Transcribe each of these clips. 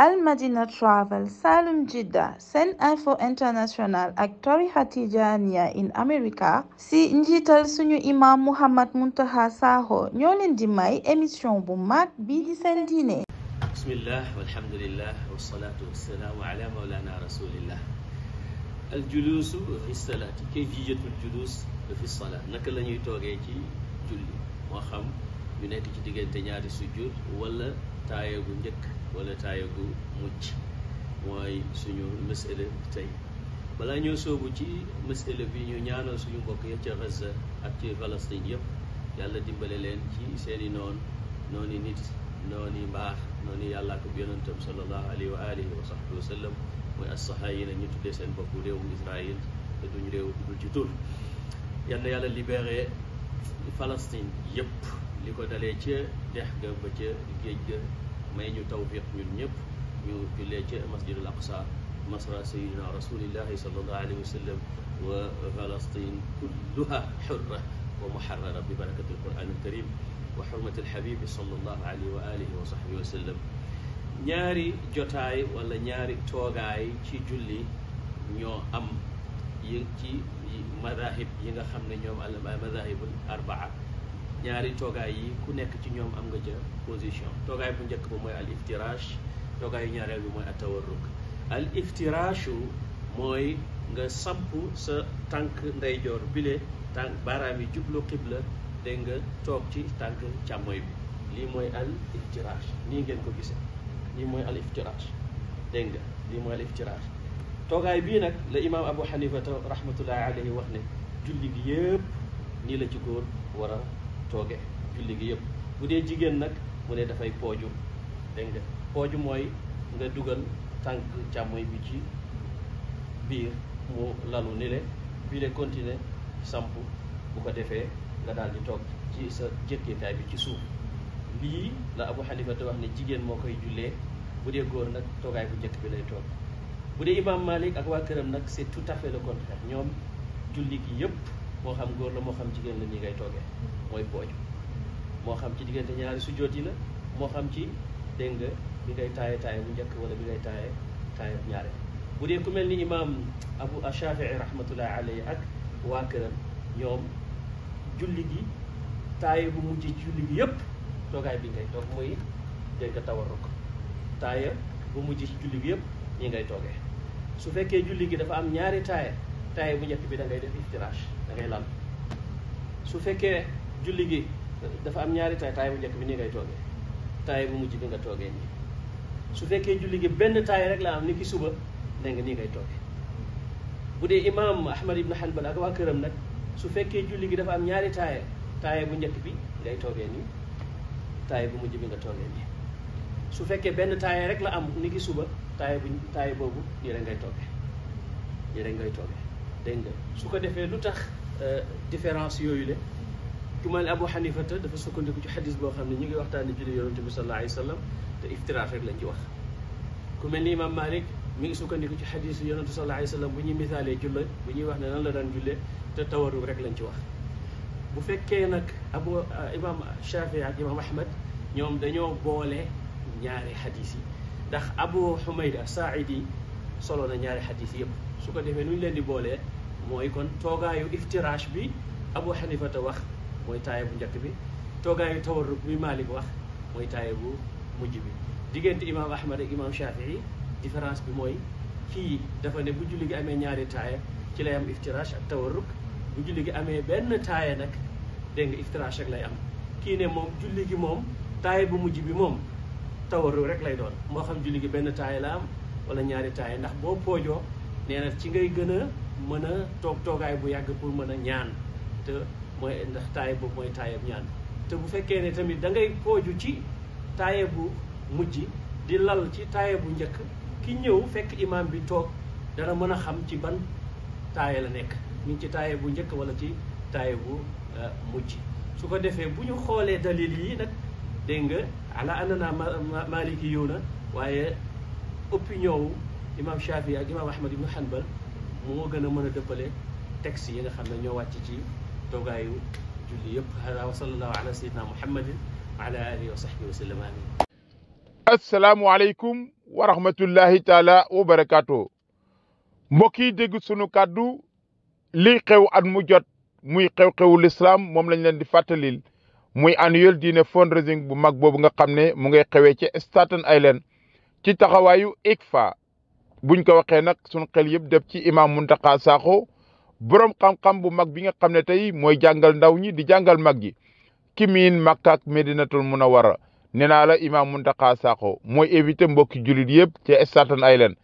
Al Madina Travel Salum Jidda SeneInfo International ak tarixa Tijaaniya in America si njiital suñu imam Mouhammad Muntaqa Sakho ñoo leen di may émission bu mag bi di seen diine bismillah walhamdulillah wassalatu wassalaamu ala mawlana rasulillah aljuluusu fi salaati kayfiyatul juluus fi salaat naka la ñuy toogee ci julli moo xam ñu nekk ci diggante ñaari sujjud wala taaye gu njëkk wala taaye gu mucc mooy suñu masala tey balaa ñoo soobu ci masala bi ñu ñaanal suñu mbokk ya ca Gaza ak ci Palestine yëpp yàlla dimbale leen ci seeni noon nooni nit nooni mbaax nooni yàlla ak yonentam sallallahu alayhi wa alihi wa sahbihi wa sallam mooy assahaayina ñu tuddee seen bopp réewum Israël te duñ réew dul ci tur yal yàlla libéré Palestine yëpp li ko dalee ca dex ga ba ca géej ga may ñu tawfiq ñun ñëpp ñu jullee ca masjidul aqsa masra sayidina rasulillahi sallallahu alayhi wa sallam wa falastin kulluha xurra wa muharrara bi barakati alquran alkarim wa xurmati alxabibi sallallahu alayhi wa alihi wa sahbihi wa sallam ñaari jotaay wala ñaari toogaay ci julli ñoo am yi ci madahib yi nga xam ne ñoom al madahibul arbaa ñaari toogaay yi ku nekk ci ñoom am nga ca position toogaay bu njëkk ba mooy al iftiraash toogaay yu ñaareel bi mooy atawarruk al iftiraashu mooy nga samp sa tànk ndeyjoor bile tànk baaraam yi jublu xibla dégg nga toog ci tànk càmmoy bi lii mooy al iftiraash nii ngeen ko gisee lii mooy al iftiraash dégg nga lii mooy al iftiraash toogaay bii nag la imaam Abu Xanifa rahmatullahi alayhi wax ne julli gi yëpp nii la ci góor war tooge julli gi yëpp bu dee jigéen nag mu ne dafay pooju dégg nga pooju mooy nga dugal tànk càmmoñ bi ci biir mu lalu ni le bii de continuer samp bu ko defee nga daal di toog ci sa jëkkeekaay bi ci suuf lii la Abu Hanifa te wax ne jigéen moo koy jullee bu dee góor nag toogaay bu jëkk bi lay toog bu dee Imam Malik ak waa këram nag c'est tout le contraire ñoom julli gi yëpp moo xam góor la moo xam jigéen la ñi ngay toogee mooy booju moo xam ci diggante ñaari sujjóot yi la moo xam ci dégg nga bi ngay taaye taaye bu njëkk wala bi ngay taaye taaye bu ñaare bu dee ku mel ni imaam abu ashafii rahmatullahi alayhi ak waa këram gi taaye bu mujj julli gi yépp bi ngay toog muy dégg nga tawarruk taaya bu mujj ci julli gi ñi ngay toogee su fekkee julli gi dafa am ñaari taaya taaya bu njëkk bi da ngay def iftiraash da ngay su fekkee julli gi dafa am ñaari taay taay bu njëkk bi nii ngay toogee bu mujj bi nga toogee su fekkee julli gi benn taay rek la am ni suba da nga nii ngay toogee bu dee imaam Ahmad ibn Hanbal ak waa këram nag su fekkee julli gi dafa am ñaari taaye taaye bu njëkk bi ngay toogee nii taaye bu mujj bi nga toogee nii su fekkee benn taaye rek la am ni ki suba taaye bu taaye boobu nii ngay toogee nii ngay toogee dégg nga su ko defee lu tax Euh, différence yooyu le ku mel ne Abu Xanifata dafa sukkandiku ci xadis boo xam ne ñu ngi waxtaanee julli yonent bi sallallahu alayhi wa sallam te iftiraaf rek lañ ci wax ku mel ni Imam Malik mi ngi sukkandiku ci xadis yonent bi sallallahu alayhi bu ñuy misaalee julla bu ñuy wax ne nan la daan jullee te tawarruk rek lañ ci wax bu fekkee nag Abu euh, Imam Shafii ak Imam Ahmad ñoom dañoo boole ñaari xadis yi ndax Abu Humayda Saaidi solo na ñaari xadis yëpp su ko defee nu ñu leen di boolee mooy kon toogaayu iftiraash bi Abu Xanifa te wax mooy taaye bu njëkk bi toogaayu tawarruk bi Malik wax mooy taaye bu mujj bi diggante imaam Ahmad ak imaam Shafii différence bi mooy kii dafa ne bu julli gi amee ñaari taaya ci lay am iftiraash ak tawarruk bu julli gi amee benn taaya nag dégg nga iftiraash lay am kii ne moom julli gi moom taaya bu mujj bi moom tawarruk rek lay doon moo xam julli gi benn taaya la am wala ñaari taaya ndax boo poojoo nee mën a toog toogaay bu yàgg pour mën a ñaan te mooy ndax taaye boobu mooy taayab ñaan te bu fekkee ne tamit da ngay pooju ci taaye bu mujj di lal ci taaye bu njëkk ki ñëw fekk imaam bi toog dana mën a xam ci ban taaye la nekk ñu ci taaye bu njëkk wala ci taaye bu euh, mujj su ko defee bu ñu xoolee dalil yi nag dégg nga ala anana maliki yow na waaye opinion wu imaam Shafi ak imaam Ahmad ibnu Hanbal moo gën a mën a dëppale yi nga xam ne ñoo wàcc ci toogaayu julli yëpp hada wa wa ala alihi wa sahbihi taala wa barakaatu mbokk yi sunu kàddu liy xew at mu jot muy xew-xewu lislaam moom lañ leen di fàttalil muy annuel dîner fundraising bu mag boobu nga xam ne mu ngay xewee ci Staten Island ci taxawaayu ICFA buñ ko waxee nag sunu xel yëpp def ci mun Muntaqa saako borom xam-xam bu mag bi nga xam ne tey mooy jàngal ndaw ñi di jàngal mag gi ki miin Makka ak Medinatul Munawwara nee naa la imam Muntaqa saako mooy éviter mbokki jullit yëpp ca Staten Island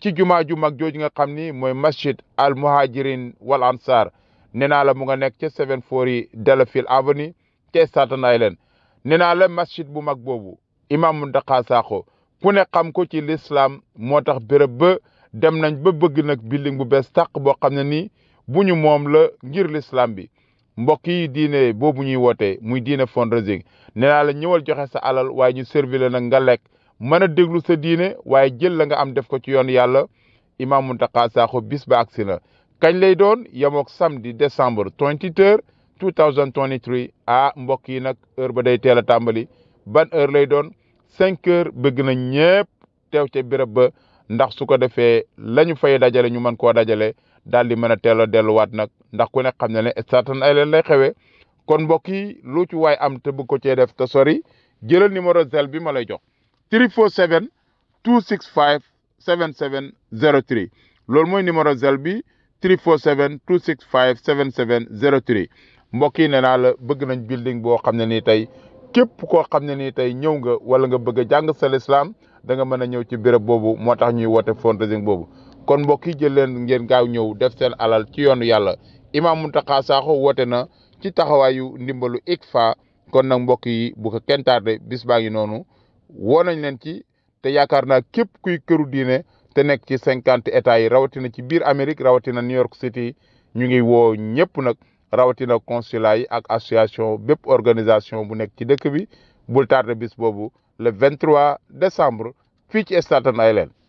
ci jumaa ju mag jooju nga xam ni mooy masjid al muhajirin wal ansar nee naa la mu nga nekk ca 740 Delafield Avenue ca Staten Island nee naa la masjid bu mag boobu imam Muntaqa saako ku ne xam ko ci lislaam moo tax béréb ba dem nañ ba bëgg nag building bu bees tàq boo xam ne nii bu ñu moom la ngir lislaam bi mbokk yi diine boobu ñuy wootee muy diine fundraising nee naa la ñëwal joxe sa alal waaye ñu servi nag nga lekk mën a déglu sa diine waaye jël la nga am def ko ci yoon yàlla Imam Mountakha Sakho bis ba si na kañ lay doon yemook samedi décembre 23 2023 ah mbokk yi nag heure ba day teel a tàmbali ban heure lay doon cinq heures bëgg nañ ñëpp teew ca béréb ba ndax su ko defee la ñu fay dajale ñu mën koo dajale daal di mën a teel a delluwaat nag ndax ku ne xam na ne certain ay leen lay xewee kon mbokk yi lu ci am te bëgg ko cee def te sori jëlal numéro zel bi ma lay jox 347 265 7703 loolu mooy numéro zel bi 347 265 7703 mbokk yi nee naa la bëgg nañ building boo xam ne nii tey képp koo xam ne nii tey ñëw nga wala nga bëgg jàng sa lislaam danga mën a ñëw ci béréb boobu moo tax ñuy woote fundraising boobu kon mbokk yi jël leen ngeen gaaw ñëw def seen alal ci yoonu yàlla Imam Mountakha Sakho woote na ci taxawaayu ndimbalu ICFA kon nag mbokk yi bu ko kenn tardé bis noonu woo nañ leen ci te yaakaar naa képp kuy këru diine te nekk ci cinquante états yi rawatina ci biir Amérique rawatina New York City ñu ngi woo ñëpp nag rawatina consulat yi ak association bépp organisation bu nekk ci dëkk bi bul tardé bis boobu le 23 décembre fii ci Staten Island